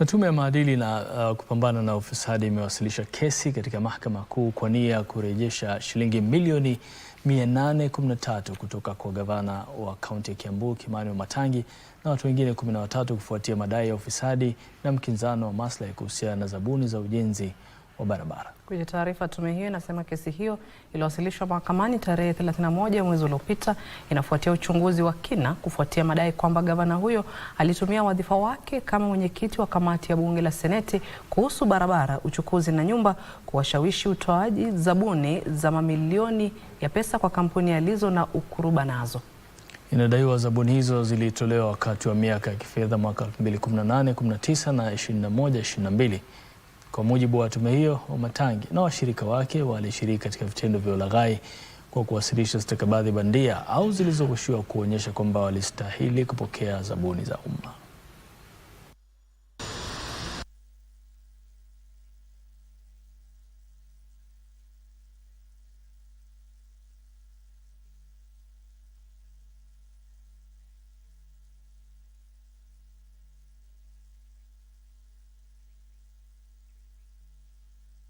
Na Tume ya Maadili na uh, kupambana na ufisadi imewasilisha kesi katika Mahakama Kuu kwa nia ya kurejesha shilingi milioni 813 kutoka kwa gavana wa kaunti ya Kiambu Kimani Matangi na watu wengine 13 kufuatia madai ya ufisadi na mkinzano wa maslahi kuhusiana na zabuni za ujenzi wa barabara. Kwenye taarifa, tume hiyo inasema kesi hiyo iliwasilishwa mahakamani tarehe 31 mwezi uliopita, inafuatia uchunguzi wa kina kufuatia madai kwamba gavana huyo alitumia wadhifa wake kama mwenyekiti wa kamati ya bunge la seneti kuhusu barabara, uchukuzi na nyumba kuwashawishi utoaji zabuni za mamilioni ya pesa kwa kampuni alizo na ukuruba nazo. Inadaiwa zabuni hizo zilitolewa wakati wa miaka ya kifedha mwaka 2018/19 na 21, 22 kwa mujibu wa tume hiyo, Wamatangi na washirika wake walishiriki katika vitendo vya ulaghai kwa kuwasilisha stakabadhi bandia au zilizoghushiwa kuonyesha kwamba walistahili kupokea zabuni za umma.